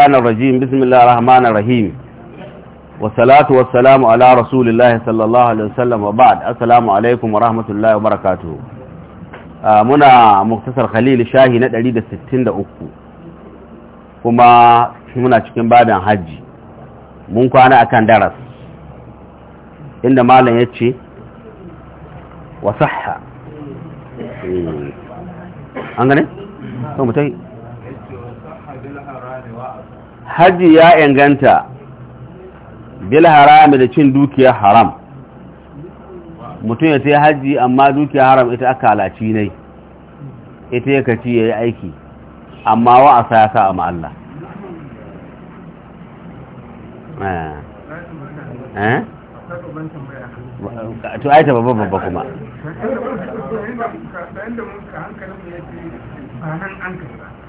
الرحمن الرجيم بسم الله الرحمن الرحيم والصلاة والسلام على رسول الله صلى الله عليه وسلم وبعد السلام عليكم ورحمة الله وبركاته منا مختصر خليل شاهي ندري دا ستين دا أكو كما منا شكين بعد حج منكو أنا أكان درس إن ما لن يتشي وصحة أنغني ثم تهي haji ya inganta bil harami da cin dukiya haram mutum ya ta haji amma dukiya haram ita aka halaci ne ita ya kaci ya yi aiki amma wa asa ya sa a ma'alla to aita babba babba kuma ba nan an kasa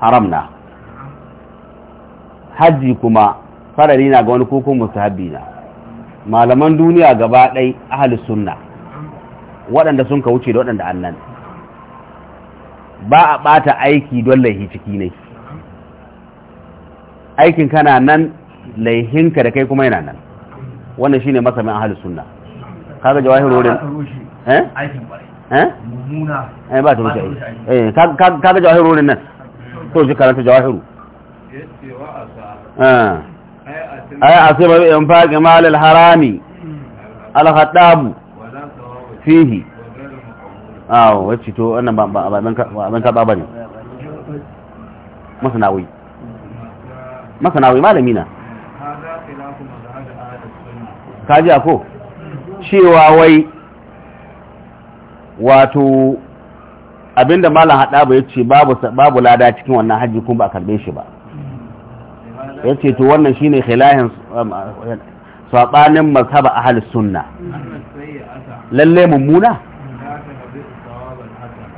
haram na hajji kuma farari na ga wani kukun musahabi na malaman duniya gaba ɗai ahli sunna waɗanda sun ka wuce da waɗanda annan ba a ɓata aiki don laihi ciki ne aikin kana nan laihinka da kai kuma yana nan wannan shine masamin ahli sunna kaga jawahir wurin eh eh ba ta wuce eh kaga jawahir wurin nan to ji karanta jawahiru eh, ah. ai a sai bai in faɗi malal harami alhaɗabu fihi awo ah, wacce to wannan ba abin karɓa ba ne masanawi masanawi malami na kaji ko cewa wai wato abinda malam haɗaba ya ce babu lada cikin wannan hajji kuma ba a karbe shi ba ya ce to wannan shine khilahin um, saɓanin mazhaba ahal sunna lalle mummuna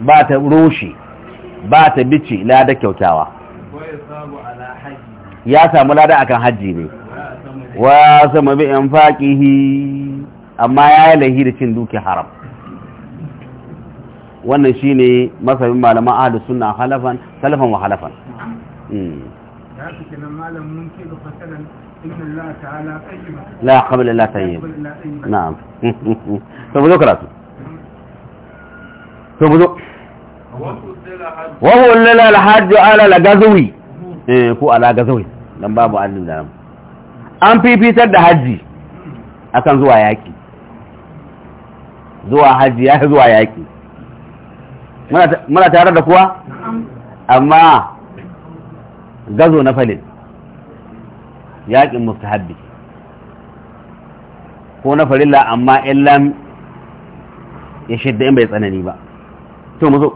ba ta roshi ba ta bici lada kyautawa ya samu lada akan hajji ne wa sama bi in amma ya yi lahi da cin duki haram wannan shi shine masabin malaman ahli suna halafan salafan wa halafan hmm. la qabl la tayyib na'am to buzo karatu to buzo wa huwa lila ala al-gazawi eh, ko ala gazawi dan babu alim da an fifitar da haji akan zuwa yaki zuwa haji ya zuwa yaki muna tare da kuwa amma gazo na falin yaƙin mustahabbi ko na farilla amma illam ya shidda in bai tsanani ba to mu zo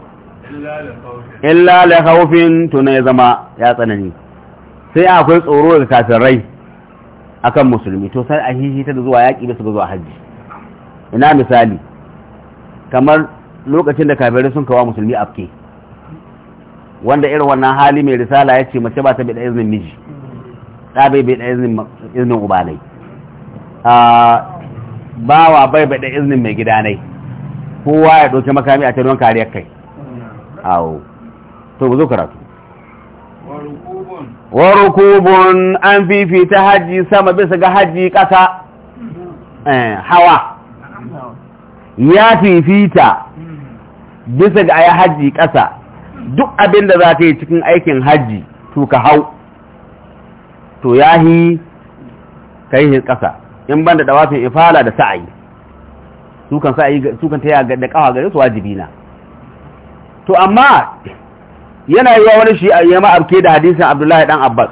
illa la khawfin to ne zama ya tsanani sai akwai tsoro da kafirai akan musulmi to sai a hihi ta zuwa yaƙi bisa zuwa hajji ina misali kamar lokacin da kafirai sun kawo musulmi afke wanda irin wannan hali mai risala ya ce mace ba ta bida izinin miji ta bai bida izinin ubalai bawa bai bida izinin mai gidanai kowa ya doke makami a cikin kariyar kai awo to zo karatu warukubun an an fifita hajji sama bisa ga hajji ƙasa eh, hawa ya fifita bisa ga ayi hajji ƙasa duk abin da za ta yi cikin aikin hajji to ka hau to ya hi ka yi ƙasa in ban da dawafin ifala da sa'ayi sukan sa'ayi sukan ta yi da ƙawa gare su wajibi na to amma yana yi wa wani shi a yama abke da hadisin abdullahi dan abbas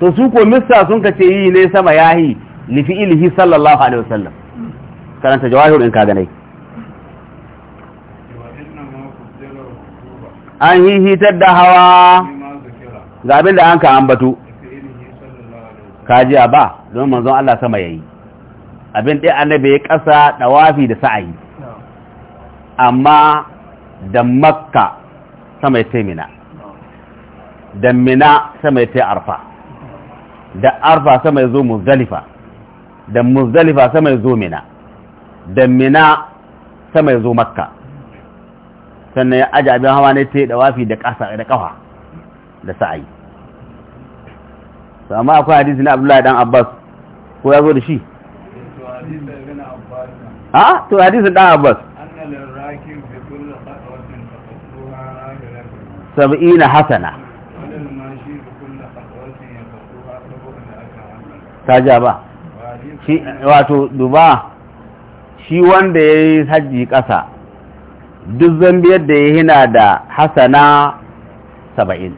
to su ko mista sun ka ce yi ne sama yahi lifi ilihi sallallahu alaihi wasallam karanta jawahir in ka ganai an hihitar da hawa ga abin da an ka ambatu a ba don manzon Allah sama yayi abin ɗaya annabi ya ƙasa da wafi da sa'ayi amma da makka sama ya mina da mina sama ya arfa da arfa sama ya zo muzdalifa da muzdalifa sama ya zo mina da mina sama ya zo makka sannan ya aji abin hawa ne ta yi dawafi da ƙasa da ƙafa da sa'ayi to amma akwai hadisi na abdullahi dan abbas ko ya zo da shi a to hadisi dan abbas sab'ina hasana ta ja ba wato duba shi wanda ya yi hajji ƙasa duk zambi da ya hina da hasana saba'in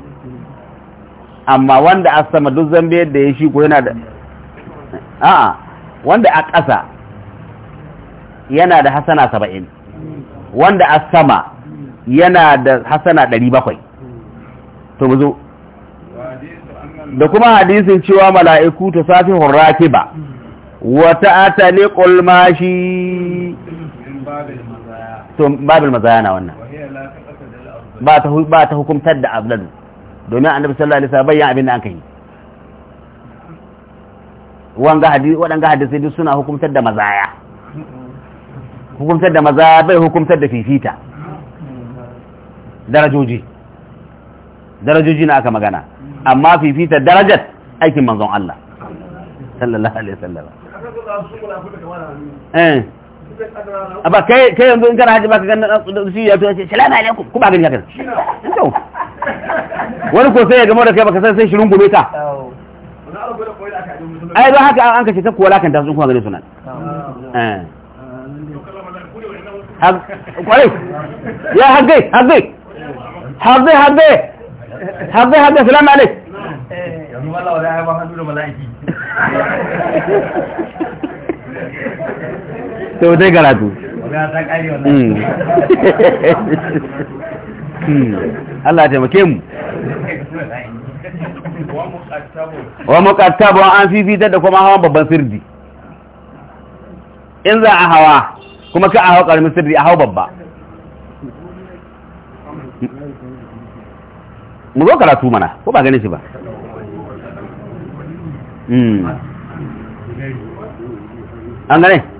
amma wanda a sama duk zambi da ya shi ko yana da a'a wanda a ƙasa yana da hasana saba'in wanda a sama yana da hasana ɗari bakwai to mu zo da kuma hadisin cewa mala'iku ta safi hurra ba wata ne ƙulmashi to babul mazayana wannan ba ta ba ta hukumtar da abladu domin annabi sallallahu alaihi wasallam bayan abin da an kai wanga hadisi wadanga hadisi duk suna hukumtar da mazaya hukumtar da mazaya bai hukumtar da fifita darajoji darajoji na aka magana amma fifita darajat aikin manzon Allah sallallahu alaihi wasallam eh ba kai yanzu in kana haji baka ganin shi ya to ce salamu alaikum ku ba gani haka to wani ko sai ya gama da kai baka san sai shirin gobe ta ai don haka an kashe ta kuwa lakan da sun kuma gani sunan eh. kwarai ya haggai haggai haggai haggai haggai haggai salamu alaikum yanzu wala wala ya ba hannu da mala'iki sai dai karatu hmm. Hmm. Allah taimake mu wa muqattabu an fifita da kuma hawan babban sirdi in za a hawa kuma ka a hawa karamin sirri a hawa babba mu zo karatu mana ko ba gane shi ba hmm. an gane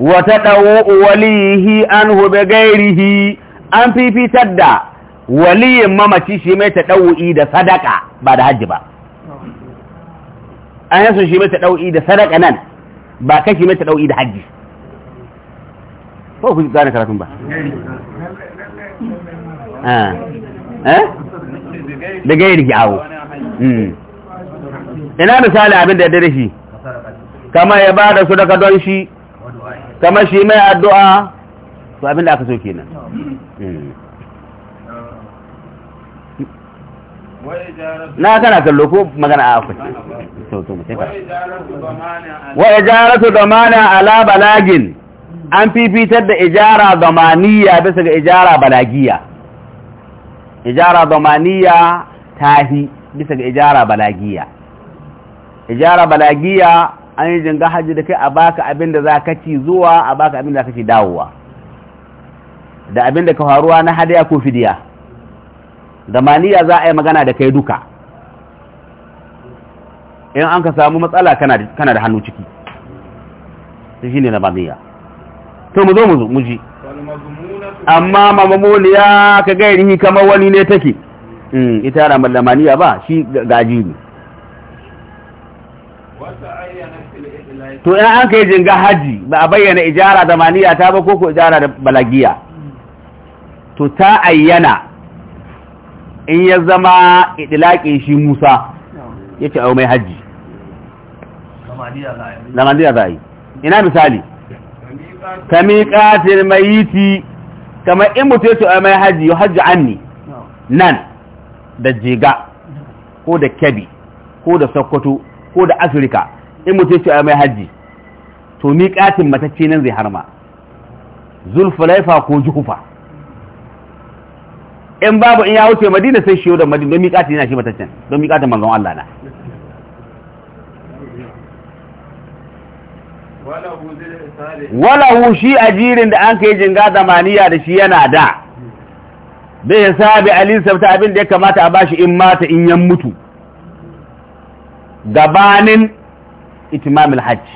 wata ɗawo walihi an hube gairihi an fifitar da waliyin mamaci shi mai ɗau'i da sadaka ba da hajji ba an yasun shi mai ɗau'i da sadaka nan ba kai shi mai ɗau'i da hajji ko ku gane karatun ba da gairi awo ina misali abin da ya dare shi kama ya ba da su daga don shi kama shi mai addu'a su abin da aka so kenan na kana kallo ko magana a akwai to to mutai fara wa ijaratu damana ala balagin an fifitar da ijara domaniya bisa ga ijara balagiya ijara damaniya tahi bisa ga ijara balagiya ijara balagiya an yi jinga hajji da kai a baka abin da za ka ci zuwa a baka abin da za ka ci dawowa da abin da ka faruwa na hadaya ko fidiya da maniya za a yi magana da kai duka in an ka samu matsala kana da hannu ciki Sai shi ne na maniya to mu zo mu zo mu ji amma mamamuniya ka gairi kamar wani ne take hmm, ita yana mallamaniya ba shi gaji ne to in an kai jinga haji ba a bayyana ijara da maniya ta ba koko ijara da balagiya to ta ayyana in ya zama idilaƙin shi musa ya ce mai haji da maniya za a ina misali ka miƙatin mayiti kamar in mutu ya ce mai haji ya haji anni nan da jiga ko da kyabi ko da sokoto ko da afirka in mutum ce a mai hajji to miƙatin matacce nan zai harma zulfulaifa ko jukufa in babu in ya wuce madina sai shiyo da madina don katin yana shi mataccen don katin manzon Allah na walahu shi ajirin da an kai jinga zamaniya da shi yana da bai hisabi alin sabta abin da ya kamata a bashi in mata in yan mutu gabanin itimamul hajj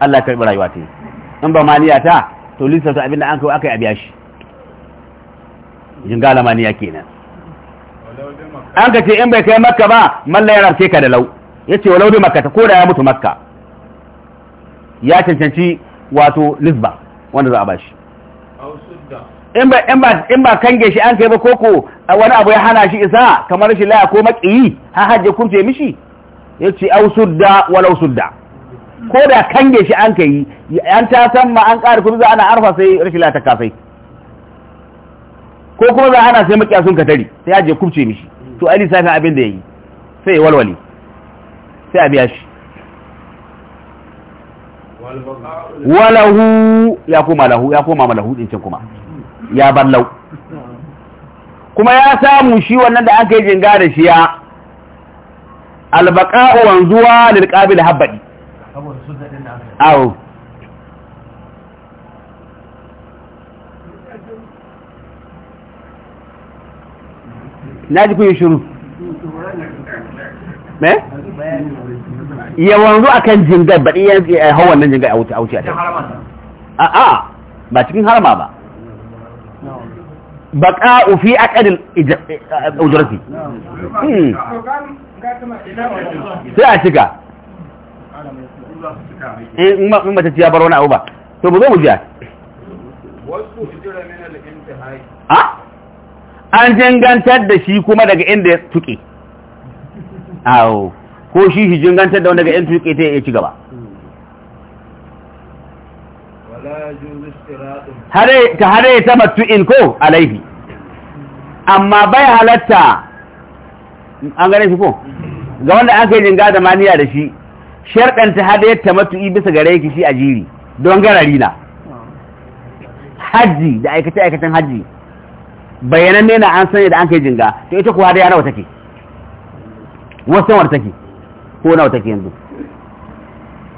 Allah ya karbi rayuwa ta in ba maniya ta to lissa abin abinda an kawo akai a biya shi jingala maniya kenan an ka ce in bai kai makka ba malla ya ka da lau ya ce walau bi makka ta koda ya mutu makka ya cancanci wato lisba wanda za a bashi in ba in ba in ba kange shi an kai ba koko wani abu ya hana shi isa kamar shi laya ko maƙiyi ha hajje kumce mishi yace au sudda walau sudda ko da kange shi an ka yi an ta san ma an ƙara kuma za ana arfa sai rashin ta kafai ko kuma za ana sai makiya sun tare sai aje kubce mishi to ali sai abin da yayi sai walwale sai a biya shi walahu ya koma lahu ya koma malahu din can kuma ya ballau kuma ya samu shi wannan da aka yi jinga da shi ya albaqa'u wanzuwa lil qabil habbadi awo na ji kun shuru, me ya wanzu akan jingar baɗi ya hau wannan jingar a wuce a wuce a a ba cikin harama ba ufi a بقاء في Sai a shiga an eh, in mace ta bar wani abu ba to mu zo mu jiya a ah? an jingantar da shi kuma daga inda ya tuke awo ko shi shi jingantar da wani daga inda tuke ta ya ci gaba ta hare ta matu'in ko alaifi amma bai halatta an gane shi ko ga wanda an kai jinga da maniya da shi sharɗanta hadayar matu'i bisa gare ki shi a jiri don garari na hajji da aikace-aikacen hajji bayanan ne na an sanya da an kai jinga to ita kuwa hadaya nawa take wasan war take ko nawa take yanzu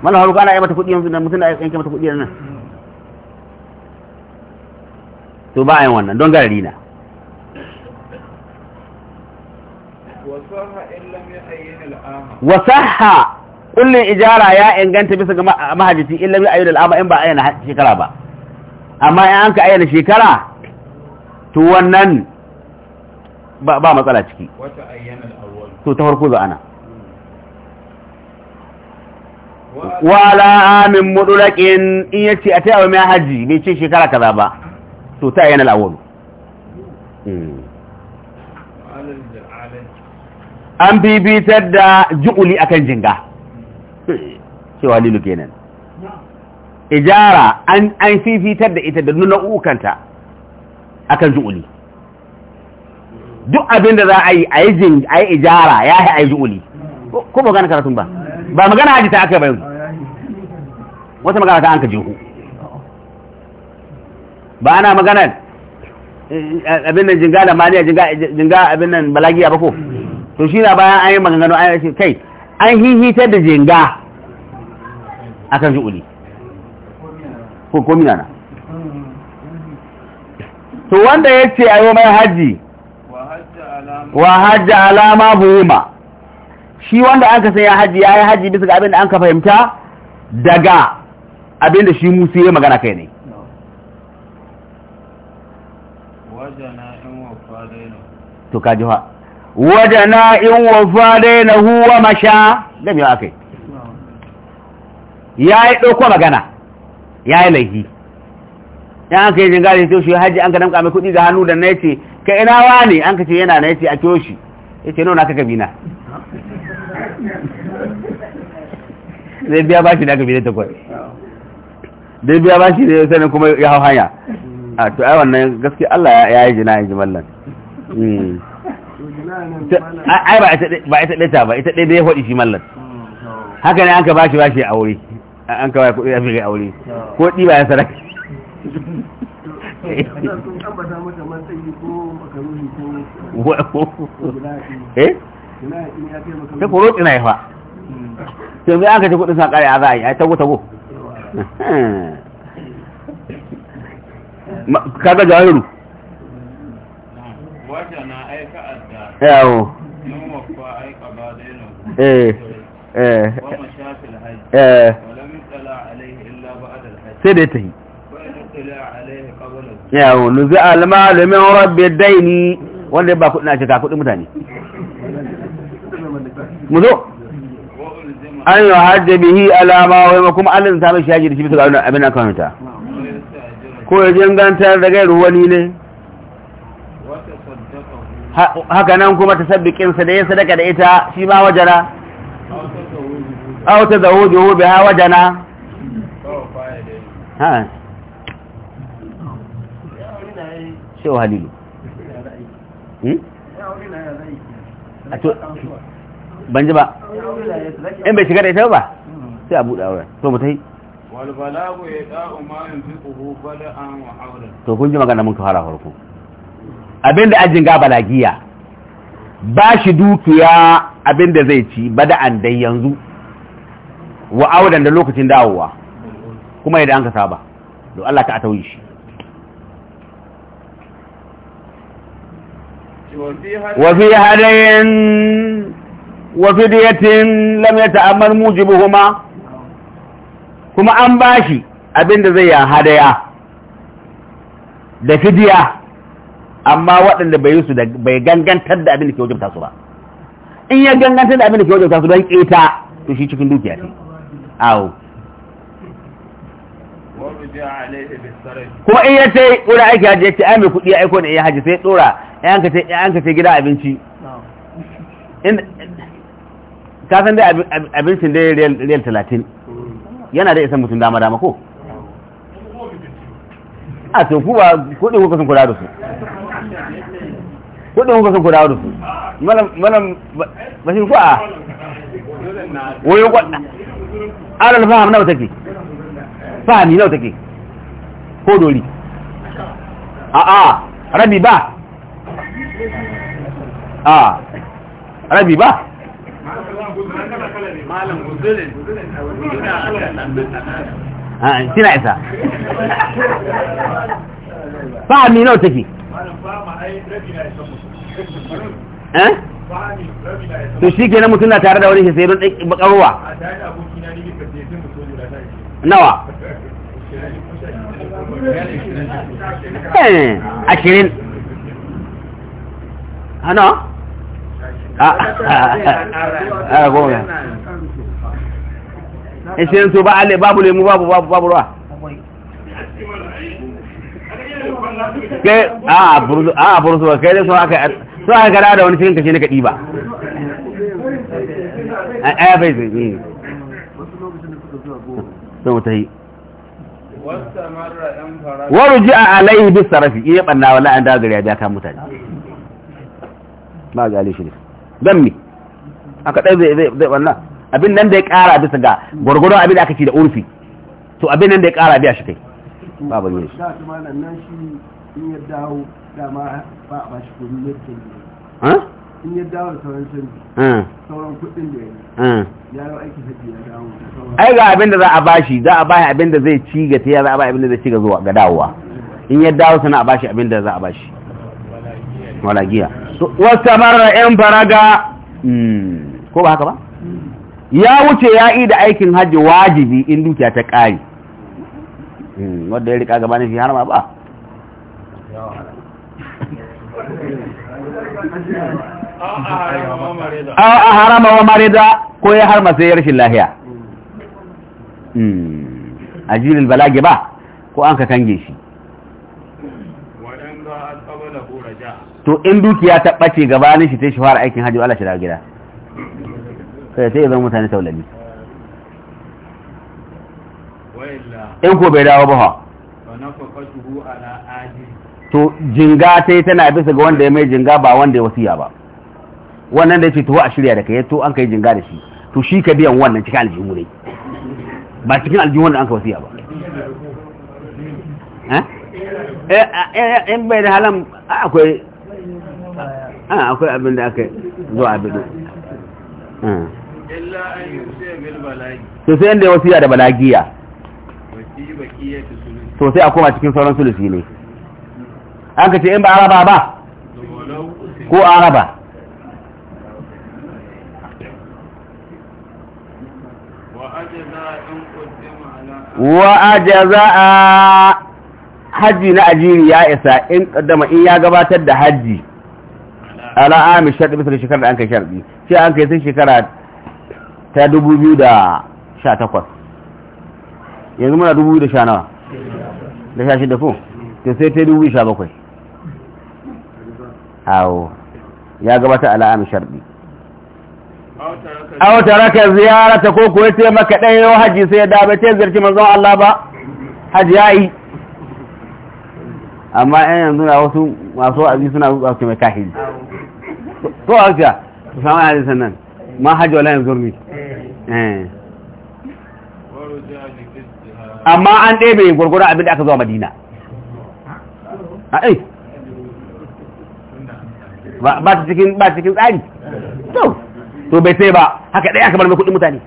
mana haruka ana yi mata kuɗi yanzu da mutum da yanke mata kuɗi nan to ba a yin wannan don garari na wasaha kullin ijara ya inganta bisa ga mahajjati illa bi ayyul al'ama in ba ayyana shekara ba amma in an ka ayyana shekara to wannan ba matsala ciki to ta farko za ana wala amin mudulakin in yace a tayawa mai haji bai ce shekara kaza ba to ta ayyana al'awwal an bibitar da ju'uli akan jinga cewa lilu kenan ijara an an fifitar da ita da nuna ukanta akan zuuli duk abin da za a yi a yi jin a yi ijara ya yi a yi zuuli ko ba gana karatun ba ba magana haji ta aka bayan wata magana ta an ka jihu ba ana magana eh, abin nan jinga da maniya jinga abin nan balagiya ba ko to shi na bayan an yi maganganu an yi kai an hihitar da jinga a kan shi'uli ko komina na to wanda ya ce a yi mai hajji wa hajji alama buhima shi wanda an ka ya hajji ya yi hajji bisa ga abin da an ka fahimta daga abin da shi musu ya magana kai ne to kaji ha wajana in wafa dainahu wa masha game ya akai ya yi ɗauko magana ya yi laifi ya an kai jingari ta shi hajji an ka damka mai kuɗi ga hannu da na yace ka ina wa ne an ka ce yana na yace a kiyo ya ce nuna ka gabi na zai biya ba shi da gabi da takwai zai biya ba shi da ya sanin kuma ya hau hanya a to ai wannan gaske Allah ya yi jina ya ji mallan hmm. ai ba ita ɗaya ba ita ɗaya da ya faɗi shi mallan haka ne an ka bashi bashi a aure an ka bashi kuɗi ya fi aure ko ɗi ba ya sarari eh? ta kuro tsina ya fa sai zai aka ce kuɗin sa ƙari a za a yi a tago tago ka ga jawahiru yawo oh. eh, eh, eh. sai da ta yi yawo oh, nuzi almalumin rabbi daini wanda ba kudin ake kakudin mutane mu zo an yi hajji bihi alama wai ma kuma allin samun shi hajji da shi bisa ga abin akawanta ko ya jingantar da gairu wani ne haka nan kuma ta tasabbiqinsa da yin sadaka da ita shi ma wajana aw tazawujuhu biha wajana ha shehu halilu hmm? ban ji ba in bai shiga da ita ba sai a buɗe auren to mu ta yi walbalagu ya da'u ma yanzu ƙuhu bala'an wa auren to kun ji magana mun ka fara farko abinda ajin ga balagiya ba shi dukiya abinda zai ci ba bada'an dai yanzu wa audan da lokacin dawowa kuma yadda an ka saba to Allah ka a tauyi shi وفي هدي وفدية kuma an موجبهما كما أنباشي zai ذي hadaya da fidiya amma waɗanda bai su da bai gangantar da abin da ke wajabta su ba in ya gangantar da abin da ke wajabta su don keta to shi cikin dukiya ce awo kuma in ya ce wurin aiki hajji ya ce ai mai kuɗi ya aiko da ya hajji sai tsora ya yanka ce gida abinci ka san dai abincin dai real talatin yana da isan mutum dama dama ko a to kuwa kuɗin kuka sun kula da su kudin kuka ku dawo da su malam bashin ku a wayo kwadda alal faham nawa take fahami nawa take ko doli a a rabi ba a rabi ba a kina isa fahami nawa take to shi kenan mutum na tare da wani sai don bakarwa nawa ashirin hana a goma ashirin ba babu lemu babu babu babu ruwa kai a a burzu kai dai sun aka sun aka gada da wani cikin kashe na kaɗi ba a ya bai zai yi sun wuta yi waru ji a alayhi bis sarafi iya ɓanna wala an dawo gari ya mutane ba ga alishi ne don me aka ɗai zai ɓanna abin nan da ya ƙara bisa ga gwargwadon abin da aka ci da urfi to abin nan da ya ƙara biya shi kai babu ne shi in ya dawo dama ba a bashi kudin yadda ne in ya dawo da sauran canji sauran kudin da ya yi ya yau aiki hajji ya dawo ai ga abin da za a bashi za a bashi abin zai ci ga za a bashi abin zai ci dawowa in ya dawo sana a bashi abin da za a bashi walagiya wasta marar yan faraga hmm. ko ba haka ba hmm. ya wuce ya yi da aikin hajji wajibi in dukiya ta ƙari Hmm, wadda ya rika gabanin shi harma ba a harama wa marida ko ya harma sai ya rashin lahiya hmm, a jirin balage ba ko an ka kange shi to in dukiya ta ɓace gabanin shi ta shi fara aikin hajji ala shi daga gida sai ta yi zan mutane taulami in ko bai dawo ba to jinga sai tana bisa ga wanda ya mai jinga ba wanda ya wasiya ba wannan da ya ce to a shirya da kai to an kai jinga da shi to shi ka biyan wannan cikin aljihu ne ba cikin aljihu wanda an ka wasiya ba eh? Eh, eh, in bai da halam akwai akwai abin da aka zo abin to sai inda ya wasiya da balagiya to sai a koma cikin sauran sulusi ne an ka ce in ba araba ba ko araba wa ajaza hajji na ajiri ya isa in kaddama in ya gabatar da hajji ala ami shaɗi bisa shekara da an kai sharɗi sai an kai sai shekara ta 2018 yanzu muna 2019 da sha shida fo to sai ta dubu sha bakwai awo ya gabata ala'am sharɗi aw taraka ziyarata ko ko yace maka dai yau haji sai ya dabe ta zirki manzon Allah ba haji yi. amma ɗan yanzu na wasu masu abin suna zuwa su mai kahiri to a ga to sama hadisan nan ma haji wala yanzu ne eh, eh. amma an ɗebe gwargwaron abin da aka zuwa madina eh. ba ta cikin ba cikin tsari to to bai sai ba haka ɗaya aka bar mai kuɗin mutane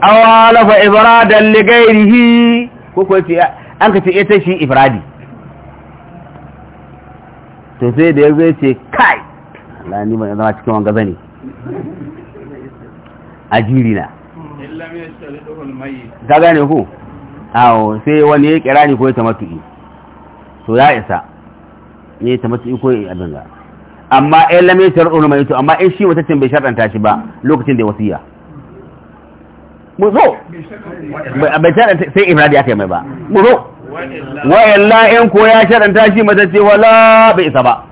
awala fa ibradan li ghairihi ko ko ce an ka ce eh, ita shi ibradi to sai da yazo ce kai Allah ni ma zama cikin wanga zane ajiri na ka gane ku awo sai wani ya kira ni ko ya tamattu'i to ya isa ya tamattu'i ko ya abin ga amma in lam yashar'u mai to amma in shi wata tin bai shar'anta shi ba lokacin da ya wasiya mu zo bai shar'anta sai ifradi aka yi mai ba mu zo wa illa ko ya shar'anta shi mata ce wala bai isa ba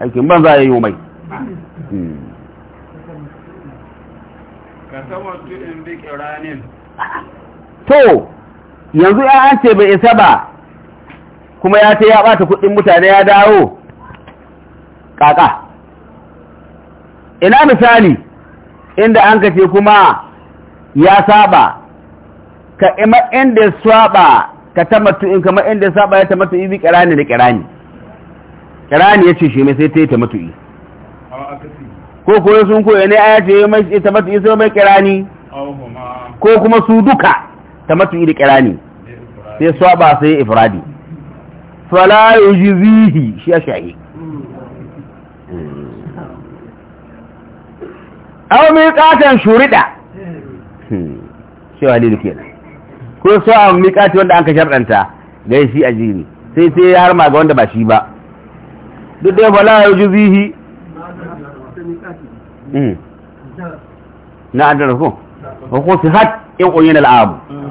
aikin ban za ya yi mai hmm. to yanzu ya ce bai isa ba kuma ya ce ya bata kudin mutane ya dawo kaka ina misali inda an kace kuma ya saba ka ima inda ya saba ka tamattu in kama inda saba ya tamattu ibi kirani da kirani kirani ya ce shi mai sai ta yi tamattu ko koyo sun koya ne aya ce mai ta matu isa mai kirani ko kuma su duka ta matu iri kirani sai ba sai ifradi fala zihi shi ya shahi aw mai katon shurida shi ke kenan ko su a miƙati wanda an ka sharɗanta gaisi jini sai sai ya harma ga wanda ba shi ba duk da fala zihi Mm. na adar ko ko fi hat in uyin al'abu